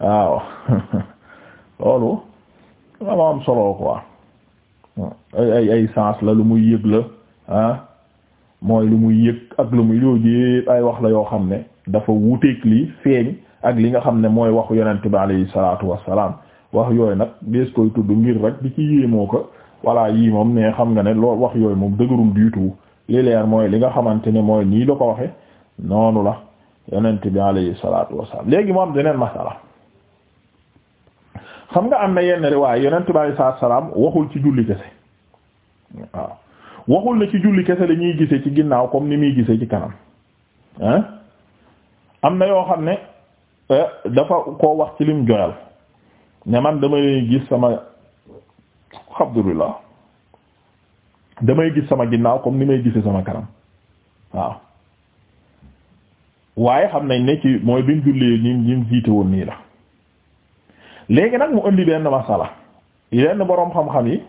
waaw loolu dama am solo quoi ay ay ay sens la lu muy yëg la ah mooy lu muy yëg ak lu muy yoo jépp ay wax la yoo xam ne dafa wuteek lii feeñ ak li nga xam ne mooy waxu yonent bi alayhi salaatu wassalaam wax yooyu nag dees koy tudd ngir rek di ci yéemoo ko walla yii moom ne xam nga ne loo wax yooyu moom dëgërul du tout li leer mooy li nga xamante ne mooy nii la ko waxe noonu la yonent bi alayhi salaatu wassalaam léegi moom deneen masala xam nga am na yenn riwaay yonent bi alayhi salaatu salaam waxul ci julli kese waaw waxul ne ci julli kese la ñuy gisee ci ginnaaw comme ni muy gisee ci kanam am na yoo xam ne euh, dafa koo wax ci lim joyal ne man damay gis sama alhamdulillah damay gis sama ginnaaw comme ni may gisee sama kanam waaw waaye xam nañ ne ci mooy bi mu jullee ñi ñi jiite woon nii la. léegi nag mu indi benn masala yenn boroom xam-xam yi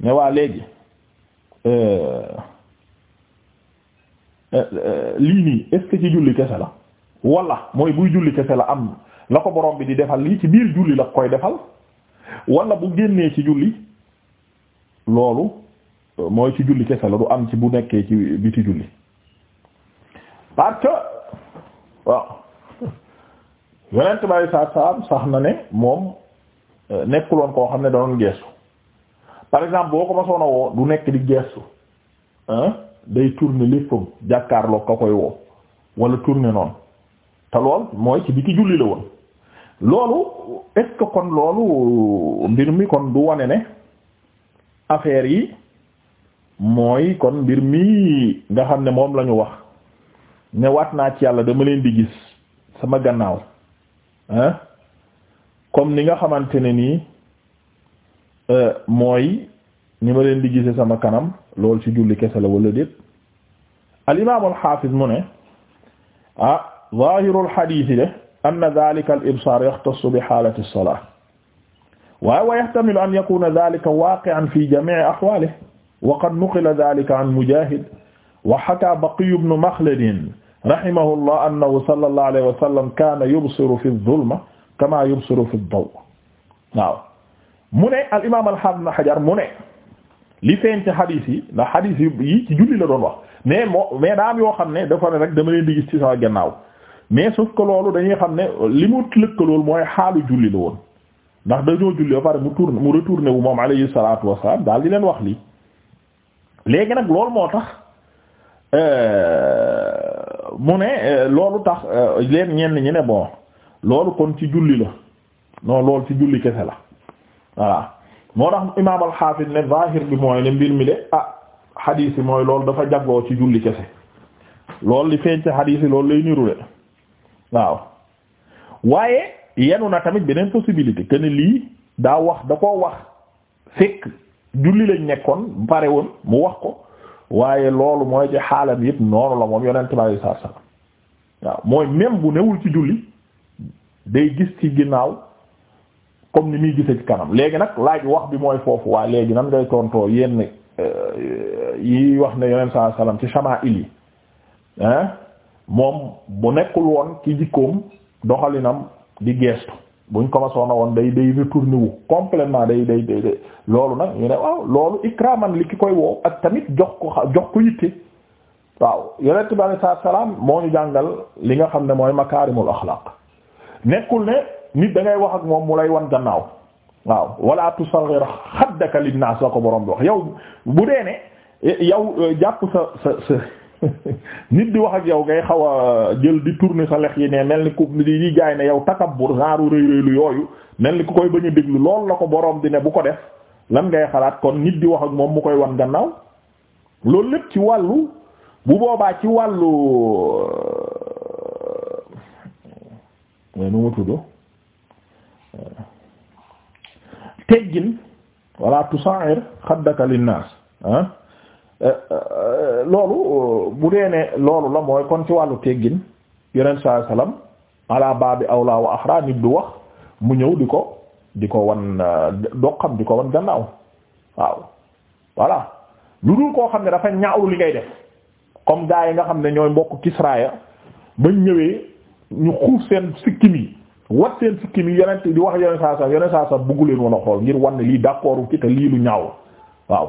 ne waa léegi euh, euh, euh, lii nii est ci julli kese la walla mooy buy julli kese la am la ko boroom bi di defal lii ci biir julli la koy defal walla bu génnee ci julli loolu mooy ci julli kese la du am ci bu nekkee ci biti julli parce que waaw yonent bi saa saatu salaam sax na ne moom euh, nekkuloon koo xam ne danoon geestu par exemple boo ko ma soona woo du nekk di geestu day tourner léppam jàkkaarloo ka koy woo wala tourner noon te lool mooy bi biti julli la woon loolu est kon loolu mbir mi kon du wane ne affaire yi mooy kon mbir mi nga xam ne moom la ñu wax ne wat naa ci yàlla dama leen di gis sama gannaaw hein comme ni nga xamante ne nii euh, mooy ni ma leen di gise sama kanam lool ci julli kese la wala déet al imaam al xaafiz mu ne ah zaahirul xadiisi de anna zaalika al ibsaar yaxtassu bi xaalati salaa waaye wa yahtamilu an yakuna zaalika waaqi'an fi jamii' axwaalihi wa qad nuqila zaalika an mujaahid wa xakaa baqiyu ibnu maxladin rahimahullah annahu sallallahu alayhi wa sallam kaana yubsiru fi zulma kama yubsiru fi daw waaw mu ne al imaam al haafid Hajar mu ne li feeñ ci hadith yi ndax hadith yi ci julli la doon wax mais moo mais daa am yoo xam ne dafa ne rek dama leen di gis ci sama gannaaw mais sauf loolu dañuy xam ne li mu lëkkalool mooy xaalu julli la woon ndax dañoo julli ba pare mu tourné mu retourné wu moom alayhi salaatu wa daal di leen wax lii léegi nag loolu moo tax. Euh, mu ne euh, loolu tax euh, leen ñenn ñi ne bon loolu kon ci julli la non loolu ci julli kese la voilà moo tax imaam al ne zahir bi mooy ne mbir mi de ah xadiis yi mooy lool dafa jagloo ci julli kese lool li feeñ ci xadiis yi loolu lay niru de waaw waaye yenu na tamit beneen possibilité que ne lii daa wax da koo wax fekk julli lañ nekkoon pare woon mu wax ko waaye loolu mooy ci xaalam yëpp noonu la moom yonent bi alayhi salaatu salaam waaw mooy même bu newul ci julli day gis ci ginnaaw comme ni muy gisee ci kanam léegi nag laaj wax bi mooy foofu waaye léegi nan ngay tontoo yenn euh, yi wax ne yonent saa salaam ci shamaa'il yi moom bu nekkul woon ci jikkoom doxalinam di geestu buñ ko ma soona woon day day retourné wu complètement day day day day loolu nag ñu ne waaw loolu ikraman li ki koy woo ak tamit jox ko jox ko yitte waaw yonent bi alei sa salaam moo ñu jàngal li nga xam ne mooy makaarimul axlaaq nekkul ne nit da ngay wax ak moom mu lay wan gannaaw waaw wala tusaghir xaddaka linnaas la ko borom bi wax yow bu dee ne eh, yow eh, jàpp sa sa sa nit di wax ak yow ngay xaw a jël di tourner sa lex yi ne mel ni ku gaay na ne yow takabbur genre rëy rëylu yooyu mel ni ku koy bañ a déglu loolu la ko boroom di ne bu ko def lan ngay xalaat kon nit di wax ak moom mu koy wan gannaaw loolu lépp ci wàllu bu boobaa ci wàllu euh, nu ma tudd euh, teggin wala tusair xaddaka linnaas Euh, euh, loolu bu dee ne loolu la mooy kon ci wàllu teggin yeneen saa salaam ala baabi awla wa axra nit du wax mu ñëw di ko di ko wan euh, doqam di ko wan gannaaw waaw voilà lu dul koo xam ne dafa ñaawlu li ngay def comme gaa yi nga xam ne ñooy mbokk kisraaya bañ ñëwee ñu xuuf seen sikkim yi wat seen sikkim yi yonent di wax yoneen saa salaam yoneen saa salaam buggu leen woon a xool ngir wan ne lii d'accordu ki te lii lu ñaaw waaw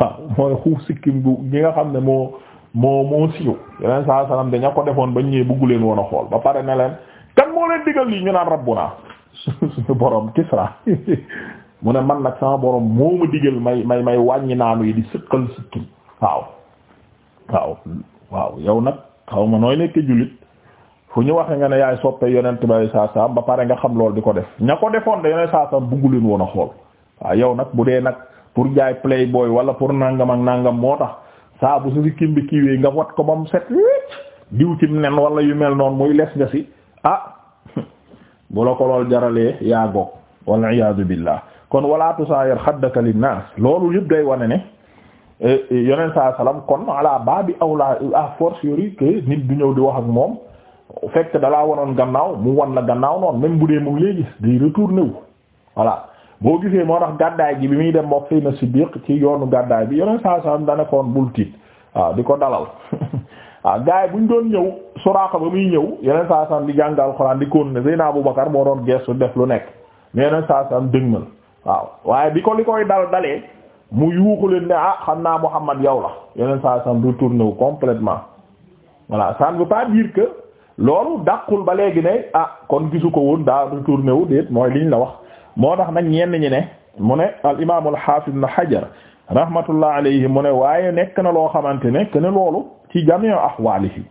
waaw mooy xuuf sikkim bu gi nga xam ne moo moo moo siiw yeneen saa salaam daña ko defoon ba ñu ñëwee buggu leen woona xool ba pare ne leen kan moo leen digal lii ñu naan rabbu naa suñu boroom Kisra mu ne man nag sama borom moo ma digal may may wàññi naanu yi di sëqal sikkim waaw waaw waaw yow nag xaw ma nooy nekk jullit fu ñu waxe nga ne yaay soppe yonent bay saa saa ba pare nga xam loolu di ko def ña ko defoon de yonent saa saa bëggu leen a xool waa yow nag bu dee nag pour jaay playboy wala pour nangam ak nangam moo tax saa bu su si kimbi kiiwee nga wat ko ba mu set diw ci nen wala yu mel noonu muy les nga si ah bu la ko lool jaralee yaa goog wal iyaadu billah kon wala tusaayir xaddaka linnaas loolu yëpp day wane ne e, e, yoneen saa salaam kon ala baabi awla à force yori que nit du ñëw di wax ak moom fekk dalaa wanoon gannaaw mu wan la gannaaw noonu même bu dee mu ngi léegi day retourné boo gisee moo tax gàddaay gi bi muy dem mook Seydina Siddiq ci yoonu gàddaay bi yeneen saa saa dana koon bul tiit waaw di ko dalal waaw gars yi buñ doon ñëw Suraaqa ba muy ñëw yeneen saa saa di jàngal Xuraan di ko ne Seydina Abubakar moo doon gestu def lu nekk mais yeneen saa saa dëgmal waaw waaye bi ko li koy dal dalee mu yuuxu leen ne ah xam naa Muhammad yow la yeneen saa saa retourné wu complètement voilà ça ne veut pas loolu dàqul ba léegi ne ah kon gisu ko woon daa retourné wu déet la wax. moo tax nag ñenn ñi ne mu ne al imaam al haafid ibn hajar rahmatullah alayhi mu ne waaye nekk na loo xamante ne que ne loolu ci jamiu ahwaalihi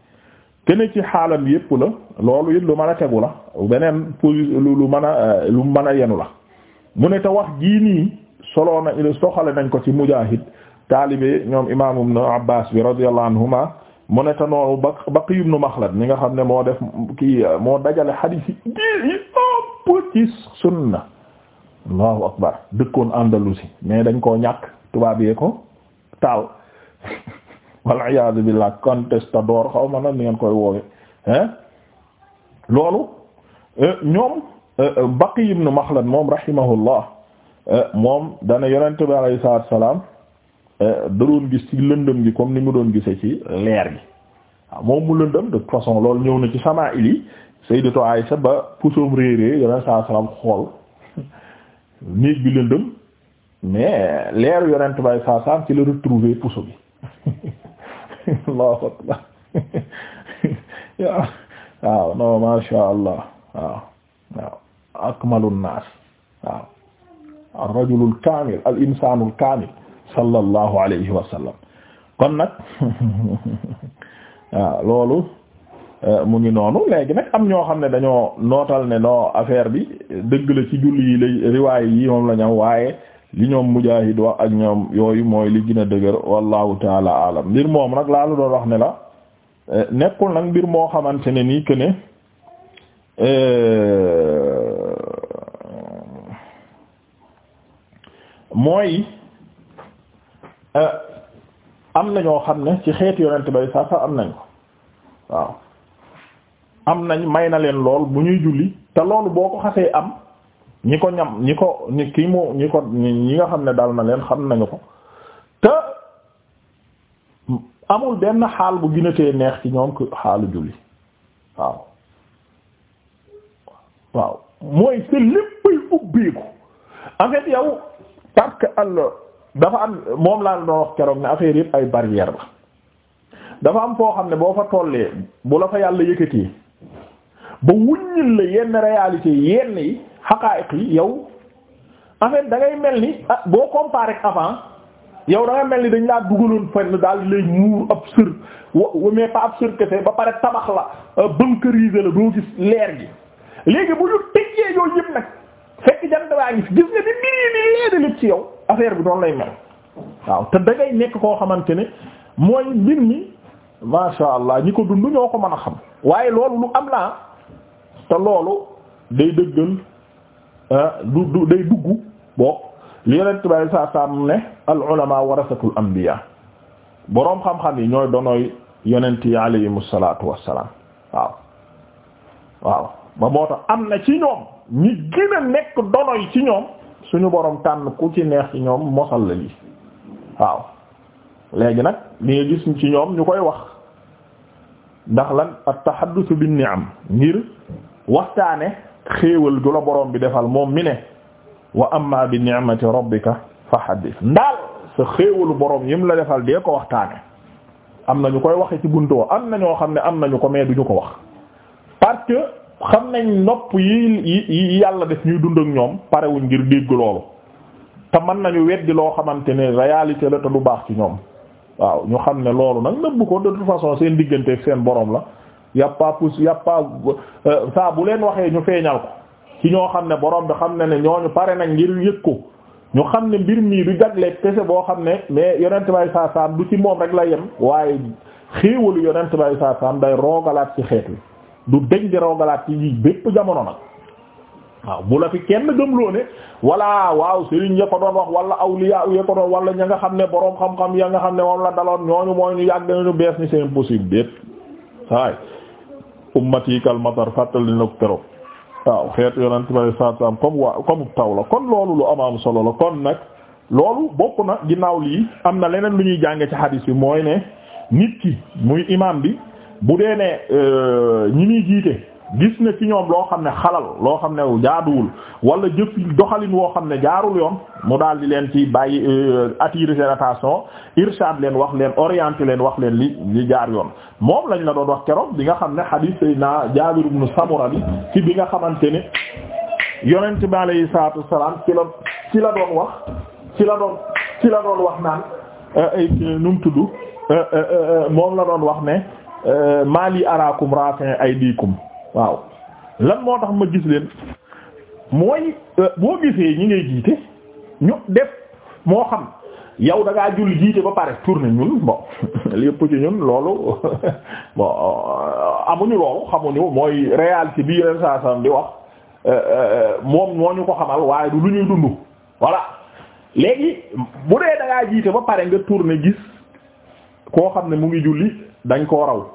kene ci xaalam yépp la loolu it lu mën a tegu la beneen position lu mën a lu mën a yenu la mu ne te wax jii nii soloo na soxale nañ ko ci mujaahid taalibe ñoom imaamu ibnu abbas bi radiyallahu anhuma mu ne ta noonu ba Baqi ibnu Maxlad ñi nga xam ne moo def kii moo dajale xadiis yi ëpp ci sunna allahu akbar dëkkoon Andalusi mais dañ koo ñàkk tubaab yee ko taal walla iyaadu billaah contestador xaw ma nan ni ngeen koy woowe hein loolu euh, ñoom euh, euh, Baqi nu Makhlad moom rahimahullah moom dana yonent bi alayhi salaatu salaam da doon gis ci lëndëm gi comme ni mu doon gise ci leer gi moom mu lëndëm de façon loolu ñëw na ci samaa'il yi Sayyidatu Aisha ba pusoom réerée yonent salaam xool néeg bi lëndëm mais leeru yonent bay saa saam ci la retrouver puso bi allahu akbar waaw non masha allah waaw waaw akmalun naas waaw ar-rajulul kaamil al insaanul kaamil sallallahu alayhi wa sallam kon nag waaw loolu Euh, mu ngi noonu léegi nag am ñoo xam ne dañoo nootal ne noo affaire bi dëgg la ci julli yi lay riwaay yi moom la waaye li ñoom mujaahid wax ak ñoom yooyu mooy li gën dëgër wallahu taala alam mbir moom nag laalu doon wax ne la euh, nekkul nag mbir moo xamante ne nii que euh, mooy am na ñoo xam ne ci xeetu yonent bay sax am nañ ko waaw. am nañ may na leen lool bu ñuy julli te loolu boo ko xasee am ñi ko ñam ñi ko ñi kii mu ñi ko ñi nga xam ne dal na leen xam nañu ko te amul benn xaal bu ginatee neex ci ñoom ko xaalu julli waaw waaw mooy sa léppay ubbeeku en fait yow parce que al dafa am moom laa doon wax keroog ne affaire yëpp ay barrière la dafa am foo xam ne boo fa tollee bu la fa yàlla yëkkatee ba wuññil la yenn réalité yenn yi xaqaayiq yi yow affaire dangay mel ni ah, boo comparé avant yow da mel ni dañ laa dugaloon fenn daal lay muur ab ab sër ba pare tabax la euh, bunkeriser la doo gis leer gi léegi bu ñu tëjee yooyu yëpp nag fekk jant baa ngi fi gis nga ni mbir yi nii leedalib ci yow affaire bi doon lay mel waaw te da nekk koo xamante ne mooy mbir mi masha Allah ñi ko dund ñoo ko mën a xam waaye loolu lu am la te loolu day dëggal ah, du du day dugg boo li yonent bay saa saam ne al ulama warasatul anbiya boroom xam-xam yi ñooy donoy yonent yi alayhimu salaatu wassalaam waaw waaw ba moo tax am na ci ñoom ñi gën a nekk donoy ci ñoom suñu boroom tànn ku ci neex ci ñoom mosal la lii waaw léegi nag li nga gis ci ñoom ñu koy wax ndax la lan at-tahadduth bin am ngir waxtaane xéewal du la borom bi defal moom mi ne wa amma bi ni'mati rabbika fa haddith ndaal sa xéewalu borom yim la defal dee ko waxtaane am na ñu koy waxe ci buntu wa am na ñoo xam ne am na ñu ko mais duñu ko wax parce que xam nañ nopp yi yi yàlla def ñuy dund ak ñoom parewuñ ngir dégg loolu te mën nañu weddi loo xamante ne réalité la te du baax ci ñoom waaw ñu xam ne loolu nag nëbb ko de toute façon seen diggante ak seen boroom la yàppaa pus yàppaa euh, saa bu leen waxee ñu feeñal ko ci ñoo xam ne borom bi xam ne ne ñu pare nag ngir yëg ko ñu xam ne mbir mii du jagleel kese boo xam ne mais yonent bay saa saam du ci moom rek la yen waaye xéewalu yonent bay saa saam day roogalaat ci xeet wi du deñ di roogalaat ci bépp jamono nag waaw bu la fi kenn gëmloo ne walla waaw sëriñ ya ko doon wax wala awliya ya doon wala ña nga xam ne boroom xam-xam ya nga xam ne moom la daloon ñooñu mooy ñu yàgg nañu bees ni c'est ummati kal matar fàttali na ko keroog waaw xeetu yonent bi saa saam comme waa taw la kon loolu lu amaam solo la kon nag loolu bokk na ginnaaw lii am na leneen lu ñuy jànge ci hadis bi mooy ne nit ki muy imam bi bu dee ne euh, ñi muy jiite. gis na ci ñoom loo xam ne xalal loo xam ne jaaduwul wala jëf doxalin woo xam ne jaarul yoon mu daal di leen ci bàyyi euh, attirer seen attention irshad leen wax leen orienter leen wax leen li li jaar yoon moom lañ la doon wax keroog bi nga xam ne hadith Seydina Jaabir ibn Samura bi ci bi nga xamante ne yonent bi alayhi salaatu wassalaam ci la ci la doon wax ci la doon ci la doon wax naan euh, nu mu tudd euh, moom la doon wax ne maali araakum rafin aydikum waaw lan moo tax ma gis leen mooy euh, boo gisee ñi ngay jiite ñu def moo xam yow da ngaa julli jiite ba pare tourné ñun bon lépp ci ñun loolu bon euh, amuñu loolu xamuñu mooy réalité bi yeneen saa saa di wax euh, moom moo ñu ko xamal waaye du lu ñuy dund voilà léegi bu dee da ngaa ba pare nga tourné gis koo xam ne mu ngi julli dañ koo raw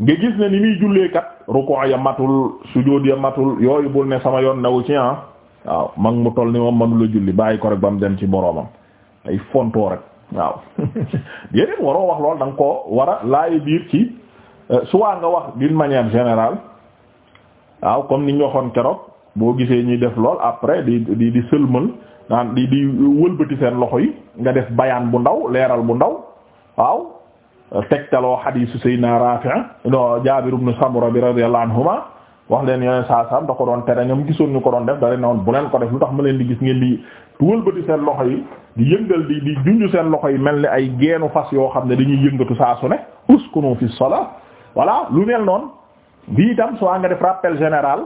nga gis ne ni muy jullee ruku' ya matul sujud ya matul yooyu bul ne sama yoon newu ci ah. waaw mag mu toll ni moom manula julli bàyyi ko rek ba dem ci boroomam ay fonto rek waaw déedéet waroo wax lool danga ko koo war a laayi biir ci euh, suwaa nga wax d'une manière général waaw comme ni ñu waxoon keroog boo gisee ñuy def lool après di di di sëlmal naan di di wëlbati seen loxo yi nga def bayaan bu ndaw leeral bu ndaw waaw tegtaloo xadiisu Seydina Raafi' no Jaabir ibn Samura bi radiyallahu anhuma wax leen yoneen saa sam da ko doon tere ñoom gisoon ñu ko doon def dara ne woon bu leen ko def lu tax ma leen di gis ngeen di wëlbati seen loxo yi di yëngal di di junj seen loxo yi mel ni ay geenu fas yoo xam ne dañuy yëngatu saa su ne uskunu fi salaa voilà lu mel noonu bii itam soo nga def rappel général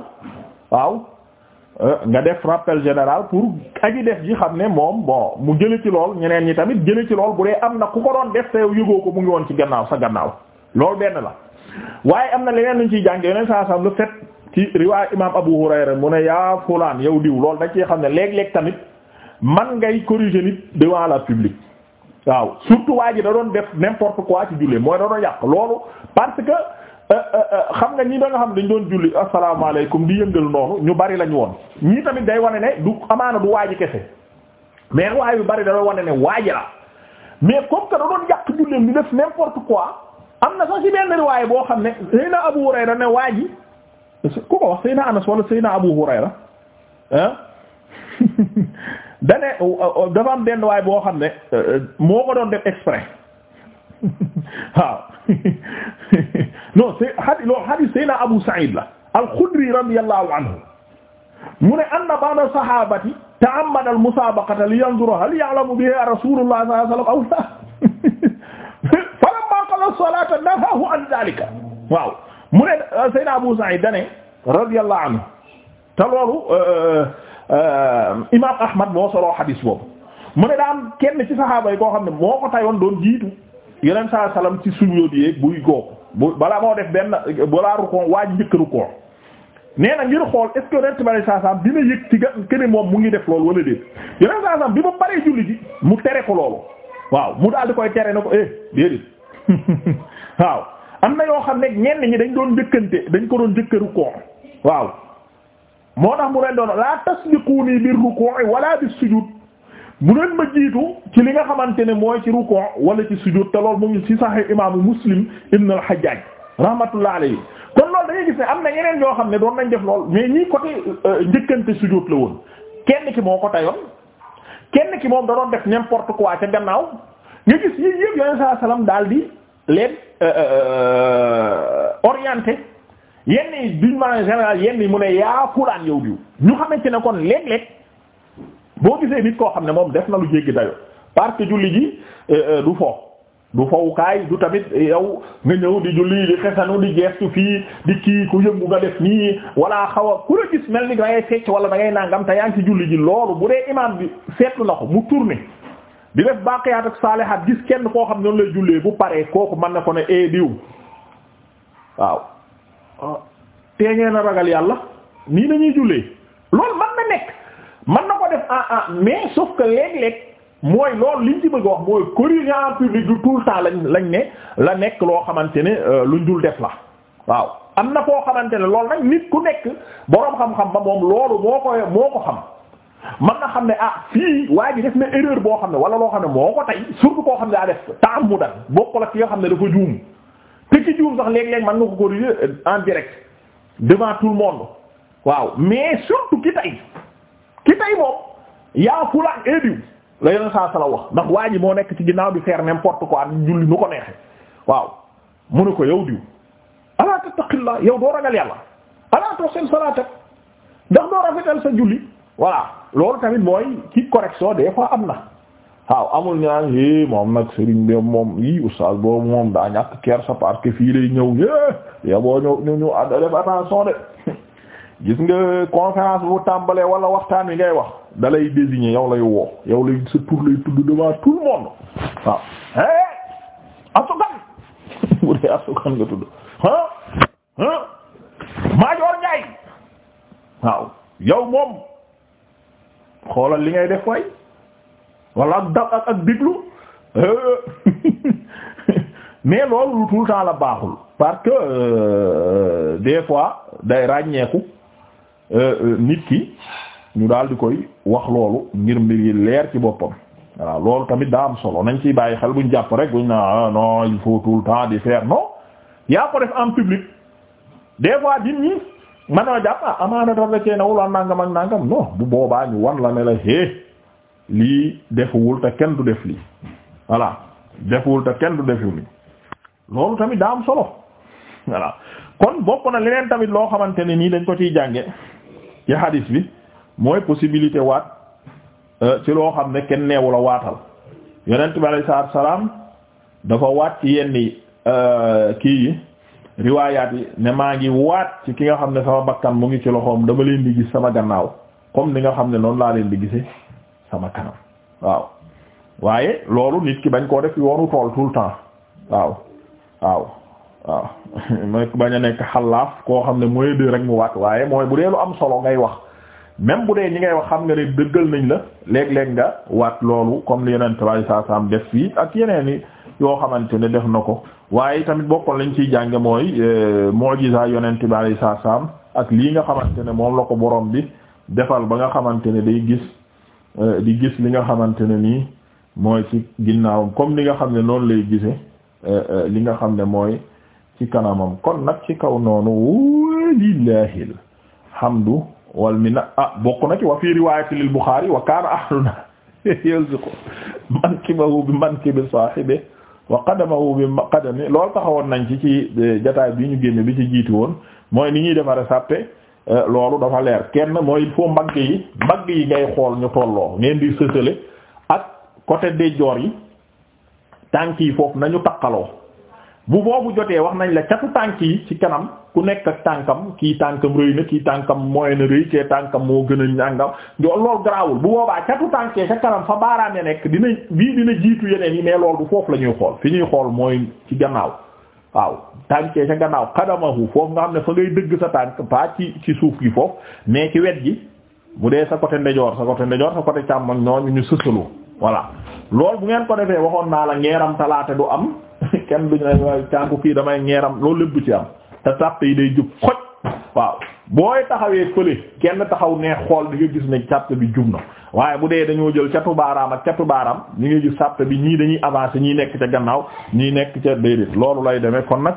waaw nga def rappel général pour aji def ji xam ne moom bon mu jële ci lool ñeneen ñi tamit jële ci lool bu dee am na ku ko doon def te yow yëgoo ko mu ngi woon ci gannaaw sa gannaaw loolu benn la waaye am na leneen luñ ciy jànge yeneen saa sam lu fet ci riwaay imam Abu Hurayra mu ne yaa fulaan yow diw lool dañ ci xam ne léeg-léeg tamit man ngay corriger nit devant la public waaw surtout waa ji da doon def n'importe quoi ci julli mooy da doon yàq loolu parce Eh, eh, eh, xam nga ñi da nga xam dañ doon julli asalaamaaleykum di yëngal noonu ñu bari lañ woon ñii tamit day wane ne du amaana du waaji kese mais waay yu bari dafay wane ne waaji la mais comme que da doon yàq julleem di def n'importe quoi am na sax ci benn riwaay boo xam ne Seyna Abu Hurayra ne waaji ku ko wax Seyna Anas wala Seyna Abu Hurayra ah dane dafa am benn waay boo xam ne euh, euh, moo ko doon def exprès waaw non c'est hadi loolu hadis sayna Abu Sa'id la al-Khudri radiyallahu anhu mu ne anna ba'da sahabati ta'ammada al-musabaqata li yanzura hal ya'lamu biha rasulullah sallallahu alayhi wa sallam aw la falamma qala as-salata nahahu an dhalika waaw mu ne sayna Abu Sa'id dane radiyallahu anhu te loolu euh, euh, euh, imam Ahmad moo soloo hadis boobu mu ne daa am kenn ci sahaaba yi koo xam ne moo ko tayoon doon jiitu yeneen saa salaam ci suñu yóbbu yeeg buy góob bu balaa moo def benn balaa rukkoo waa njëkk rukkoo nee na ngir xool est ce que yonent bari saasaam dina moom mu ngi def loolu wala déet yonent saasaam bi ba paree julli ji mu tere ko loolu waaw mu daal di koy tere na ko eh déedéet waaw am na yoo xam ne ñenn ñi dañ doon njëkkante dañ ko doon njëkk rukkoo waaw moo tax mu leen doon la tasbiquni bir ruku'i wala bis sujud bu leen ma jiitu ci li nga xamante ne mooy ci ruku wala ci sujud te loolu mu ngi ci Sahih imaamu Muslim ibn al-Hajjaj rahmatullah alayhi kon loolu da ngay gis ne am na ñeneen yoo xam ne doon nañ def lool mais ñii côté euh, njëkkante sujud la woon kenn ki moo ko tayoon kenn ki moom da doon def n'importe quoi ca gannaaw nga gis yii yëpp yoneen saa salaam daal di leen euh, euh, orienté yenn yi duñ mën a général mu ne yaa fulaan yow bi ñu xamante ne kon léeg boo gisee nit koo xam ne moom def na lu jéggi dayo parce que julli ji eh, eh, du fo du fowukaay du tamit yow nga ñëw di julli di xesanu di geestu fii di kii ku yëngu nga def nii wala xaw a ku la gis mel ni da ngay fecc wala da ngay nangam te yaa ngi ci julli ji loolu bu dee imaam bi seetlu na ko mu tourné di def baaqiyaat ak saalihaat gis kenn koo xam noonu lay jullee bu paree kooku man na ko ne ee eh, diw waaw ah, teeñee na ragal yàlla nii nañuy jullee loolu mën na nekk man na ko def ah ah mais sauf que léeg-léeg mooy lool liñ ci bëgg wax mooy corriger en public du tout le temps lañ lañ ne la nekk loo xamante ne euh, luñ dul def la waaw am na koo xamante ne loolu nag nit ku nekk boroom xam-xam ba moom loolu moo koy moo ko xam man na xam ne ah fii waa ji def na erreur boo xam ne wala loo xam ne moo ko tey surtout koo xam ne daa def ta'ammudan bokk la ki nga xam ne dafa juum te ki juum sax léeg-léeg mën na ko corriger en direct devant tout ci tey moom yaa fulaan eediw eh, la yeneen saa sala wax ndax waa ji moo nekk ci ginnaaw bi faire n'importe quoi julli nu ko neexe waaw mu ne ko yow diw alaa tattaqillah yow doo ragal yàlla alaa toxseen salaatak ndax doo rafetal sa julli voilà loolu tamit mooy ci correction des fois am na waaw amul ñaan é moom nag sëriñ bi moom yi oustaz boobu moom daa ñàkk kersa parce que fii lay ñëw é yo boo ñëw ñu ñu def attention de gis nga conférence bu tàmbalee wala waxtaan wi ngay wax da lay désigner lay woo yow lay sa tur tudd devant tout monde waaw eh bu dee asukan nga tudd ah ah waaw yow moom xoolal li ngay def way wala ak dab ak ak déglu loolu tout baaxul parce que euh, des fois day ràññeeku Euh, nit ki ñu daal di koy wax loolu ngir mbir yi leer ci boppam waaw loolu tamit daa am solo nañ ciy bàyyi xel buñ jàpp rek buñ naa ah non il faut tout ko def en public des fois nit ñi mën na jàpp ah amaana dara la cee am ah, nangam ak nangam non bu boobaa ñu wan la ne la hé lii defuwul te kenn du def lii voilà defuwul te kenn du def lii loolu tamit daa am solo voilà kon bokk na leneen tamit loo xamante ne nii dañ ko ciy jànge ci hadis bi mooy possibilité waat euh, ci loo xam ne kenn neewu la waatal yonent bi alayhi salaatu salaam dafa waat ci yenn euh, kii yi riwaayaat yi ne maa ngi waat ci ki nga xam ne sama bakkan mu ngi ci loxoom dama leen di gis sama gannaaw comme ni nga xam ne noonu laa leen di gise sama kanam waaw waaye loolu nit ki bañ koo def yoonu tool tout le temps waaw waaw waaw mooy bañ a nekk xalaaf koo xam ne mooy de rek mu waat waaye mooy bu dee lu am solo ngay wax même bu dee ñi ngay wax xam nga ne dëggal nañ la léeg-léeg nga waat loolu comme li yeneen tabaay saa saam def fii ak yeneen i yoo xamante ne def na ko waaye tamit bokkoon lañ ciy jànge mooy moo e, mujiza yonent bi yi salaam ak lii nga xamante ne moom la ko boroom bi defal ba nga xamante ne day gis e, di gis li nga xamante ne nii mooy ci ginnaawam comme li nga xam ne noonu lay gise e, li nga xam ne mooy ci kanamam kon nag ci kaw noonu walillaahil hamdu wal minna ah bokk na ci wa fii riwaayati lil Buxaari wa kaana ahluna yalziqu mankibahu bi mankibi saahibihi wa qadamahu bi qadami loolu taxawoon nañ ci ci eh, jataay bi ñu génn bi ci jiitu woon mooy ni ñuy defare sàppe eh, loolu dafa leer kenn mooy il mbagg yi mbagg yi ngay xool ñu tolloo ngeen di sësale ak côté déjoor yi tànk yi foofu nañu takkaloo bu boobu jotee wax nañ la catu tànk yi ci kanam ku nekk ak tànkam kii tànkam rëy na kii tànkam moo na rëy kee tànkam moo gën a ñàngam do loolu garaawul bu boobaa catu tànkee ca kanam fa baaraam nekk dina bii dina jiitu yeneen yi mais loolu bu foofu la ñuy xool fi ñuy xool mooy ci gannaaw waaw tànkee ca gannaaw xadamahu foofu nga xam ne fa ngay dëgg sa tànk pas ci ci suuf gi foofu mais ci wet gi bu dee sa côté ndejoor sa côté ndejoor sa côté càmmoñ ñooñu ñu sësaloo voilà loolu bu ngeen ko waxoon naa la ngeeram talaata du am kenn duñu ne waaye cànku kii damay ñeeram loolu lépp ci am te sàpp yi day jub xoj waaw booy taxawee fële kenn taxaw neex xool di nga gis ne sàpp bi jub na waaye bu dee dañoo jël catu baaraam ak catu baaraam ñu ngi gis sàpp bi ñii dañuy avancer ñii nekk ca gannaaw ñii nekk ca déedéet loolu lay demee kon nag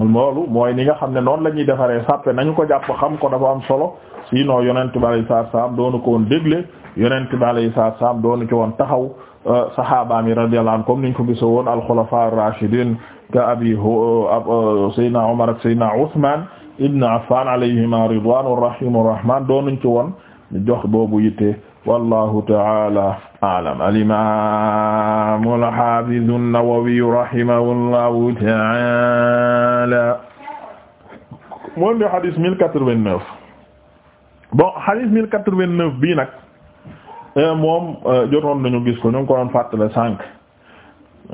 loolu mooy ni nga xam ne noonu la ñuy defaree sàppe nañu ko jàpp xam ko dafa am solo sinon yonent bi alayhi salaam doonu ko woon dégle yonent bi alayhi salaam doonu ci woon taxaw saxaabaami radiyallahu anhum comme niñ ko gisoo woon al-xulafaa ar-raashidiin ka abi uh, Seydina Omar ak Seydina Ousmane Ibn Affan alayhima ridwaanu rahiimu rahmaan doonuñ ci woon jox boobu yitte wallaahu ta'aala a'lam. al-imaam al-haafiz an-Nawawi rahimahullahu ta'aala. moom di hadis 1089 bon hadis 1089 bii nag. Eh, moom eh, jotoon nañu gis ko ñu ngi ko doon fàttale sànq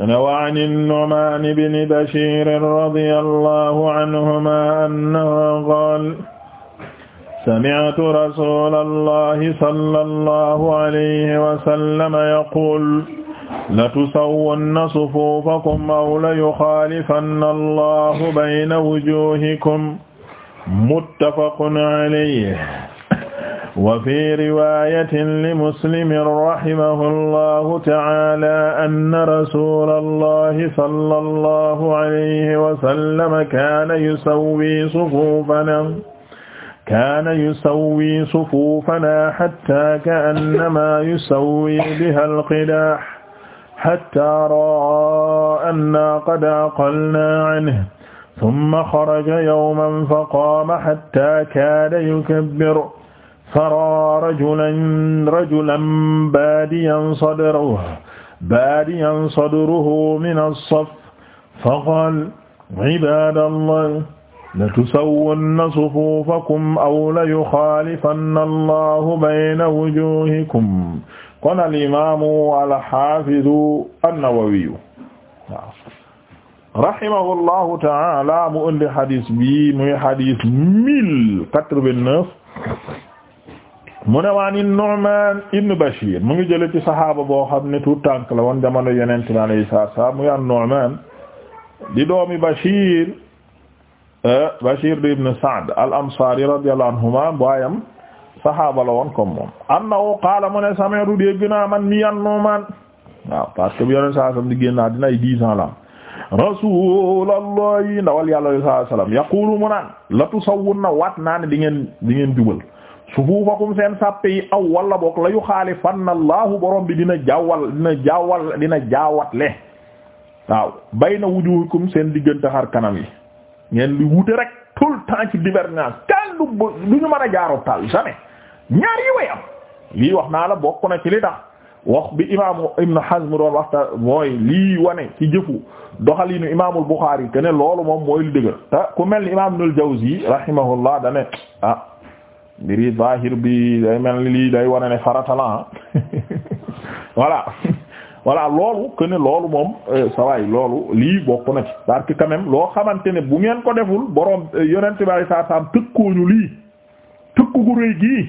ne wa an an-Nu'man ibn Bashir radiyallahu anhuma annahu qala sami'tu rasulallahi sallallahu alayhi wa sallam yaqul latusawwanna sufufakum aw layukhalifanna allahu bayna wujuhikum muttafaqun alayhi wa fi riwayatin li muslimin rahimahu allahu taala anna rasula allahi salla allahu alayhi wasallama kaana yusawwi sufuufana kaana yusawwi sufuufana hatta ka'annama yusawwi biha alqidaah hatta ra'a anna qad aqalna anhu thumma kharaja yawman faqaama hatta kaada yukabbiru faraa rajulan rajulan baadiyan sadruhu baadiyan sadruhu mina s-saff faqaala cibaadallaahi latusawwunna sufuufakum aw layuxaalifanna allaahu bayna wujuuhikum kon al-imaamu al-xaafidu an-Nawawiyu rahimahullaahu ta'aalaa mu indi xadis bi muy xadis mille quatre-vingt-neuf mu ne waan in Nu'man ibn Bashir mu ngi jël ci saxaaba boo xam ne tout tànk la woon jamono yeneen mi alayhi salaatu salaam muy an Nu'man di doomi Bashir eh, Bashir di ibn Sa'd al-Ansari radiyallahu anhuma baayam saxaaba la woon comme moom annahu qaala mu ne sami'tu dégg naa man mi an Nu'man waaw yeneen saa sallam di génnaa dina ay dix ans la Rasulullah ndawal yàlla sallallahu alayhi wasallam mu naan la tusawwunna waat naa ne di ngeen di jubal sufuufakum seen sàppe yi aw wala boog la yu allahu borom bi dina jaawal dina jaawal dina jaawatle waaw bayna wujuhikum seen diggante xar kanam yi ngeen di rek tout le temps ci divergence du du ñu mën a jaaroo tal ñaar yi way am lii wax naa la bokk na ci li tax wax bi imaamu Ibn Hazm doon waxta mooy lii wane ci jëfu doxalinu imaamul Buxaari te loolu moom mooy lu dëgër ku mel imaam Ibnul Jawzi rahimahullah dane ah, mbir yi bi day mel ni lii day wane ne farata la ah. voilà loolu que loolu moom sawaay euh, loolu lii bokk na ci parce que quand loo xamante ne bu ngeen ko deful borom euh, yonent bi saa saam tëkkooñu lii tëkku gu rëy gii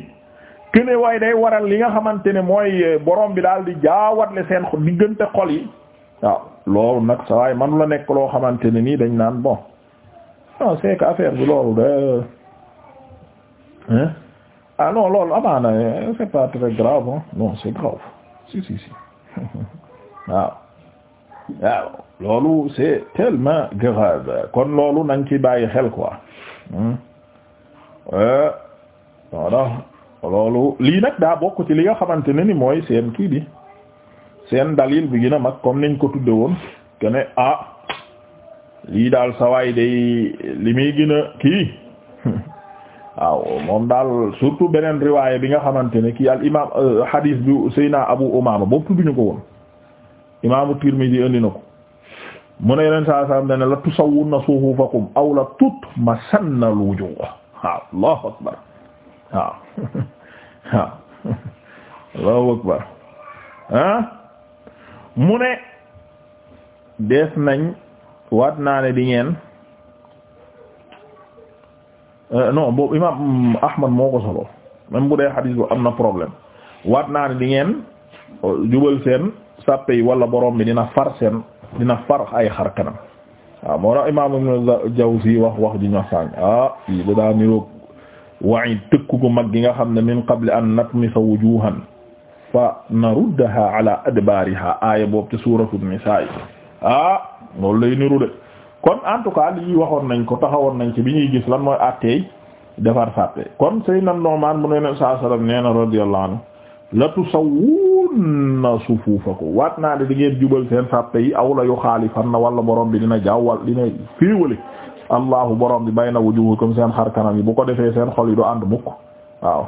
que waaye day waral li nga xamante ne mooy euh, borom bi daal di jaawatle seen diggante xol yi waaw loolu nag sawaay man la nekk loo xamante ne nii dañ naan bon non c'est bi loolu de. ah non loolu amaana c'est pas très grave hein? non c'est grave si si si waaw waaw loolu c'est tellement grave kon loolu nañ ci bàyyi xel quoi hmm? euh, voilà loolu lii nag daa bokk ci li nga xamante ne ni mooy seen kii bi seen dalil bi gën a mag comme niñ ko tudde woon que ne ah lii daal sawaay day li muy gën a kii waaw moom daal surtout beneen riwaaya bi nga xamante ne kii al imaam euh, hadis bu Seyna Abu Umaama boobu tudd ñu ko woon imaamu Tirmidhi indi na ko mu ne yeneen saa saam ne la tusawwunna suhufakum aw la tutmasanna al-wujuh waaw Allahu akbar waaw waaw Allahu akbar ah mu ne dees nañ waat naa ne di ngeen. Euh, non boobu imam Ahmad moo ko solo même bu dee am na problème waat naa ne di ngeen euh, jubal seen sàppe wala borom bi dina far seen dina far ay xar kanam waaw moo tax Jawzi wax wax ju ñax sàng ah yi da daa niroog wa'i tëkku gi nga xam ne min qabli an natmisa wujuhan fa naruddaha ala adbariha aaya boobu ci suuratu nisaa ah loolu niru de kon en tout cas lii waxoon nañ ko taxawoon nañ ci bi ñuy gis lan mooy àtteey defar fàtte kon Seydina Nu'man mu ne ne saa sallam nee na radiyallahu anhu la tusawwunna sufuufakum waat naa ne di jubal seen fàtte yi aw la na wala borom bi dina jawwal dina firiwale allahu borom bi bayna wujuhukum seen xar kanam yi bu ko defee seen xol yi du ànd mukk waaw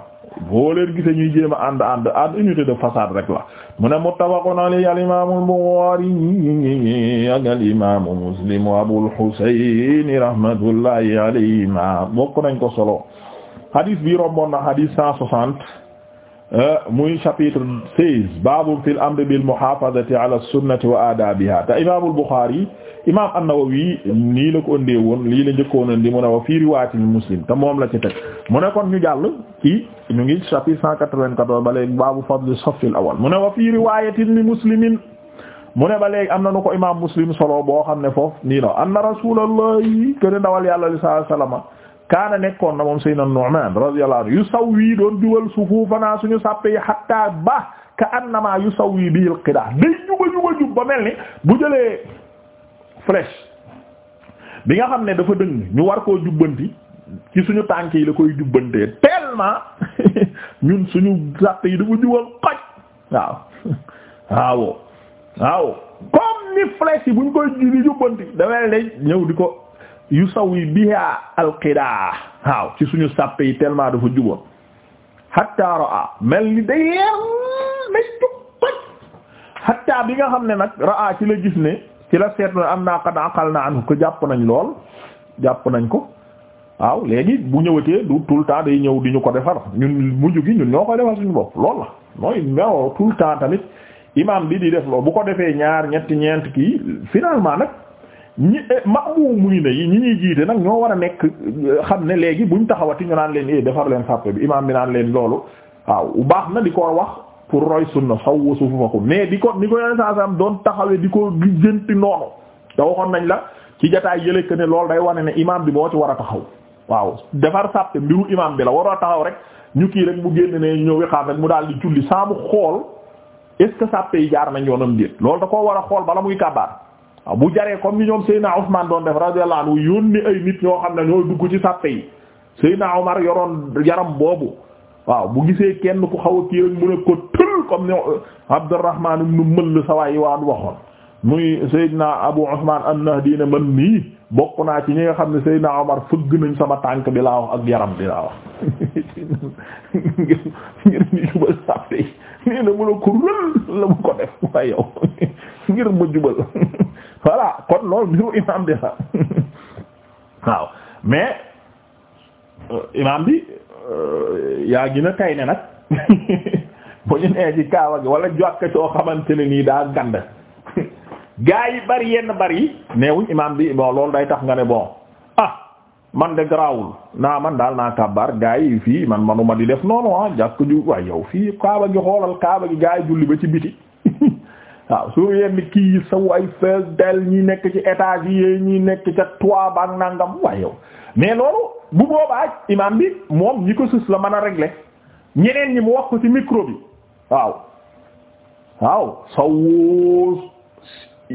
boo leen gisee ñuy jéem a ànd ànd ànd unité de façade rek la mu ne muttafaqun alayhi al imaamu Buxaari ak al imaamu Muslim wa Abul Husayn rahmatullahi alayhima bokk nañ ko solo hadis bi romboon na hadis cent soixante muy chapitre seize baabu fil amri bil muhaafazati ala sunnati wa aadaabiha te imaamul Buxaari imaam an-Nawawi nii la ko ëndee woon lii la njëkkoon andi mu ne wa fii riwaayatil muslim te moom la ci teg mu ne kon ñu jàll ci ñu ngi chapitre cent quatre-vingt-quatorze ba léegi baabu fadli saffil awal mu ne wa fii riwaayatin li muslimin mu ne ba léegi am na nu ko imaam muslim solo boo xam ne foofu nii la anna rasuulallahi kër ndawal yàlla sallallahu alayhi wa sallam kaana nekkoon na moom Seydina Nu'man yu saw yusawwi doon dugal sufuufanaa suñu sàppe yi hatta ba ka annama yusawwi bil qidaa day juba juba jub ba mel ni bu jëlee flèche bi nga xam ne dafa dëng ñu war koo jubbanti ci suñu tànk yi la koy jubbantee tellement ñun suñu sàppe yi dafa jubal xoj waaw waaw waaw comme ni flèche yi buñ koy jubbanti da mel ni ñëw di ko yu sawi biha alqidaa waaw ci suñu sàppe yi tellement dafa juboon hatta raa mel ni day leer day jub toj bi nga xam ne nag raa ci la gis ne ci la seetlu ne am naa qad aqalna anhu ko jàpp nañ lool jàpp nañ ko waaw léegi bu ñëwatee du tout le temps day ñëw duñu ko defar ñun mujj gi ñun ñoo koy defar suñu bopp lool la mooy ñoo tout le temps tamit imam bi di def loolu bu ko defee ñaar ñetti ñeent kii finalement nag ñi eh, maamuum mu ngi ne ñi ñuy jiite nag ñoo war a nekk eh, xam ne léegi buñ taxawati ñu naan leen eh defar leen sàppe bi imaam bi naan leen loolu waaw baax na di ko wax pour roy sunna sawwu sufufakum mais di ko ni ko yeneen saa saam doon taxawee di ko gijjanti noonu te waxoon nañ la ci jotaay yële que ne loolu day wane ne imaam bi moo ci war a taxaw waaw defar sàppe mbiru imaam bi la waroo taxaw rek ñu kii rek mu génn ne ñëw xam rek mu daal di julli saa xool est ce jaar nañ yoonam déet loolu da koo war a xool bala muy kàbbaar bu jaree comme ni ñoom Seydina Ousmane doon def radiyallahu anhu yónni ay nit ñoo xam ne ñoo dugg ci sàppe yi Seydina Omar yoroon yaram boobu waaw bu gisee kenn ku xaw a kii rek mën a ko tël comme ni Abdurrahman ibn Mëll sawaay yi waan waxoon muy Seydina Abu Ousmane an-Nahdi man nii bokk naa ci ñi nga xam ne Seydina Omar fëgg nañ sama tànk bi laa wax ak yaram bi laa wax ngir ngir jubal sàppe yi nii na ko rël la mu ko def waaye yow ngir mu jubal voilà kon loolu mbiru imam bi la waaw mais euh, imam bi euh, yaa gën a tay ne nag bu ñu nee ci kaawa gi wala jokk soo xamante ne nii daa gand gaa yi bari yenn bari neewuñ imam bi bon loolu day tax nga ne bon ah man de garaawul naa man daal naa kabaar gaa yi fii man manuma di def noonu ah jàkk ju waaye yow fii kaaba gi xoolal kaaba gi gaa yi julli ba ci biti waaw su yenn kii sa way fees del ñi nekk ci étage yi ñi nekk ca toit ba ak nangam waaye yow mais loolu bu boobaa imam bi moom ñi ko sus la mën a régler ñeneen ñi mu wax ko ci micro bi waaw waaw sawu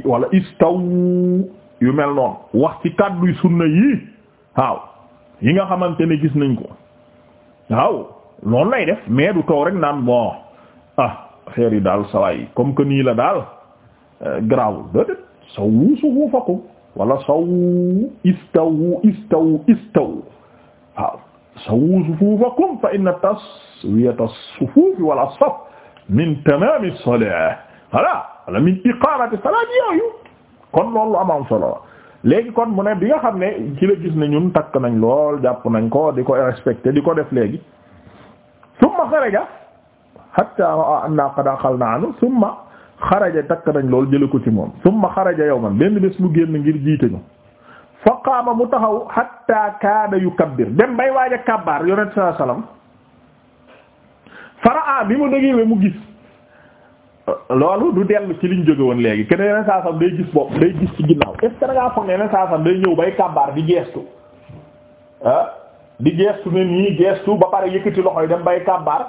wala istaw yu mel noonu wax ci kàddu sunna yi waaw yi nga xamante ne gis nañ ko waaw loolu lay def mais du toog rek naan bon ah affaire yi daal sawaay comme que nii la daal euh, grawul déedéet sawu sufuufakum wala sawu istawu istawu istawu waaw sawu sufuufakum fa inna taswiyata sufuufi wala saf min tamaami salaah voilà min iqaamati salaat yooyu kon loolu am am solo léegi kon mu ne bi nga xam ne ci la gis ne ñun takk nañ lool jàpp nañ ko di ko respecté di ko def léegi summa xaraja hatta ra'a anna qad aqalna anhu summa xaraja takk nañ lool jële ko ci moom summa xaraja yawman benn bés mu génn ngir jiite ñu fa qaama mu taxaw hatta kaada yukabbir dem bay waaj a kabbaar yonent sallallahu alayhi bi mu mu gis loolu du dellu ci liñ jóge woon léegi kenn yeneen saasam day gis bopp day gis ci ginnaaw est ce foog ne yeneen saasam day ñëw bay kabbaar di geestu ah di geestu ne nii geestu ba pare yëkkati loxoy dem bay kabbaar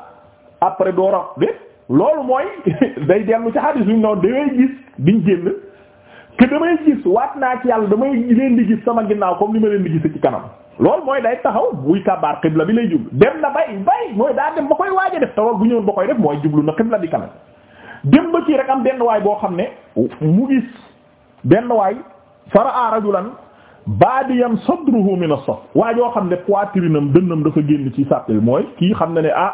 après doo rab de loolu mooy day dellu ci xadis bi noonu damay gis biñ génn que damay gis waat naa ci yàlla damay leen di gis sama ginnaaw comme li ma leen di gis ci kanam loolu mooy day taxaw buy kabaar xibla bi lay jublu dem na bay bay mooy daa dem ba koy waaja def te bu ñëwoon ba koy def mooy jublu na xibla bi kanam dem ba kii rek am benn waay boo xam ne mu gis benn waay faraa rajulan baadiyam sadruhu min as-saf waajoo xam ne poitrine am dënnam dafa génn ci sàppil xam ne ne ah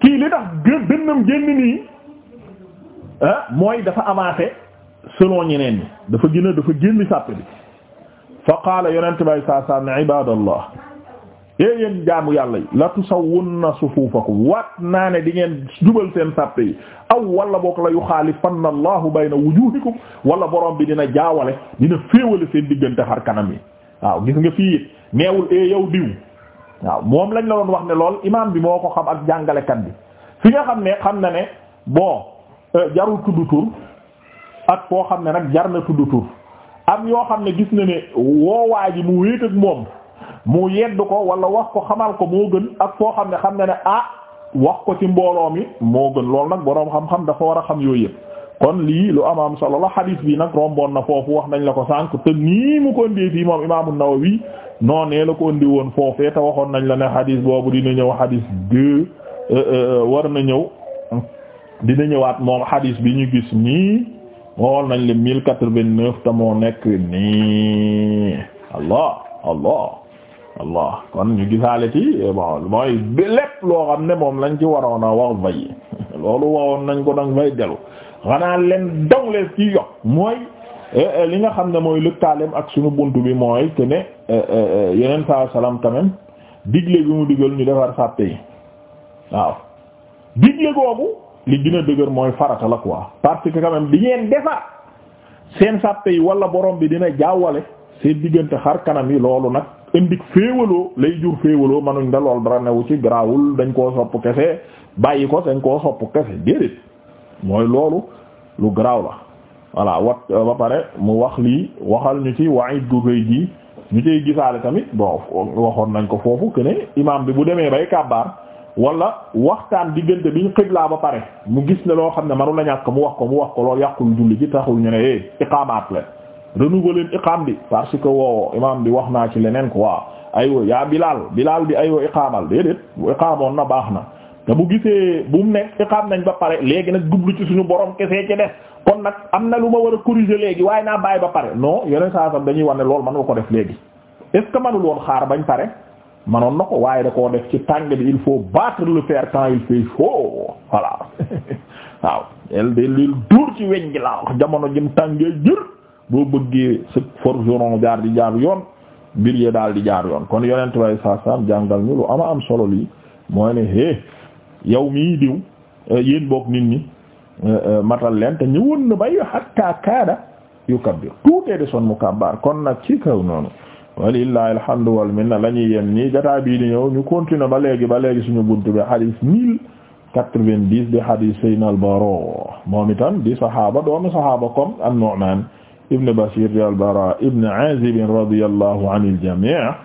kii li tax gën dënnam génn nii ah, mooy dafa avancé selon ñeneen ñi dafa gën a dafa génn sàpp bi fa qaala yonent bay saa saa ne ibadallah ee eh, yàlla yi la tusawwunna sufuufakum waat naa ne di ngeen jubal seen sàppe yi aw wala boog la yuxaalifanna allahu bayna wujuhikum wala borom bi dina jaawale dina féewale seen diggante xar kanam yi waaw gis nga fii it neewul ee eh, yow diw waaw moom lañ la doon wax ne lool imaam bi moo ko xam ak jàngalekat bi fi nga xam ne xam na ne boo euh, jarul tudd tur ak koo xam ne nag jar na tudd tur am yoo xam ne gis na ne woowaa ji mu wéet ak moom mu yedd ko wala wax ko xamal ko moo gën ak foo xam ne xam na ne ah wax ko ci mbooloo mi moo gën loolu nag boroom xam-xam dafa war a xam yooyu yëpp kon lii lu am am solo la xadiis bi nag romboon na foofu wax nañ la ko sànq te nii mu ko ëndee fii moom imaamu Nawawi noonee la ko ëndi woon foofee te waxoon nañ la ne xadiis boobu dina ñëw xadiis deux euh, euh, war na ñëw dina ñëwaat moom xadiis bi ñu gis nii mool nañ le mille quatre-vingt-neuf te moo nekk nii allah allah allah kon ñu gisaale ci eh, bon mooy lépp loo xam ne moom lañ ci waroon a wax vay loolu waxoon nañ ko dang vay dellu xanaa leen dong leen ci yokk mooy eh, eh, li nga xam ne mooy lëkkaaleem ak suñu bunt bi mooy te ne yeneen saa salaam quand digle bi mu digal ñu defar sàppe yi waaw digle boobu li gën a dëgër mooy farata la quoi parce que quand même di defar seen sàppe yi wala borom bi dina jaawale seen diggante xar kanam yi loolu nag indi féewaloo lay jur féewaloo manuñ da lool dara newu ci garaawul dañ koo sopp kese bàyyi ko dañ koo sopp kese déedéet mooy loolu lu garaaw la voilà wat euh, ba pare mu wax lii waxal ñu ci waayit gu rëy ji ñu ciy gisaale tamit bon waxoon nañ ko foofu que ne imaam bi bu demee bay kàbbaar wala waxtaan diggante bi ñu laa ba pare mu gis ne loo xam ne manu la ñàkk mu wax ko mu wax ko loolu yàqul julli ji taxul ñu ne eh iqaamaat la renouveler leen iqaam bi parce que woo imaam bi wax naa ci leneen ko quoi aywa yaa Bilaal Bilaal bi aywa iqaamal déedéet iqaamoon na baax na. te bu gisee bu mu nekk xam nañ ba pare léegi nag jublu ci suñu borom kese ci def kon nag am na lu ma war a corriger léegi waaye naa bàyyi ba pare no yeneen saa sam dañuy wax ne loolu mën ko def léegi est ce woon xaar bañ pare manoon na ko waaye da koo def ci tàng bi il faut battre le fer quand il fait chaud voilà waaw el de lil duur ci weñ gi laa wax jamono jëm tàngee jër boo bëggee sa forgeron jaar di jaar yoon mbir ya daal di jaar yoon kon yonent way saa sam am solo lii mooy yow mii diw eh, yéen bokk nit ñi eh, eh, matal leen te ñëwoon na bay hatta kaada yukabbir tuutee de son mu kabbar kon nag ci kaw noonu walillahi alhamdu wal minna la ñuy yem nii jataa bii ñu continuer ba léegi ba léegi suñu buntu bi hadith mille quatre-vingt-dix di hadith sayyidina di sahaaba doomu sahaaba comme an-Nu'man ibn Bashir al-Bara ibn Azib radiyallahu anil jami'